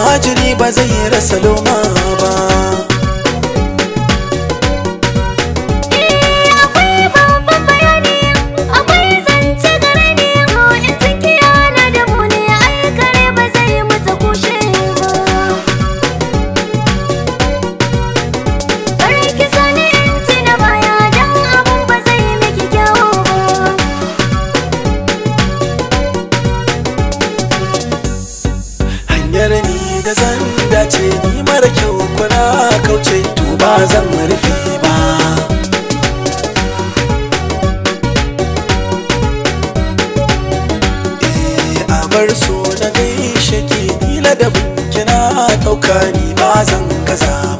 almajiri ba zai rasa loma da zan dace ni mara kyau kuna kauce to ba zan rufe ba eh, bar so na gaishe ke ni ladabin kina ɗauka ni ba zan gaza ba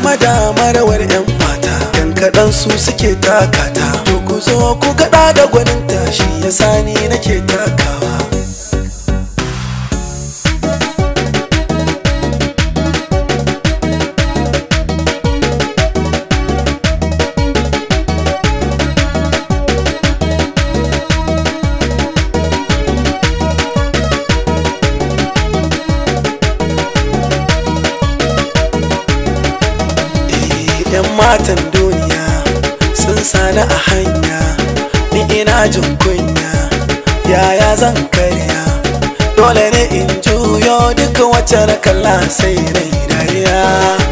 dama yan mata yan kaɗan su suke takata to ku zo ku gaɗa da gwanin tashi ya sani nake takawa matan duniya sun sani a hanya ni ina jin kunya yaya zan karya dole ne in juyo duk wacce na kalla sai rai dariya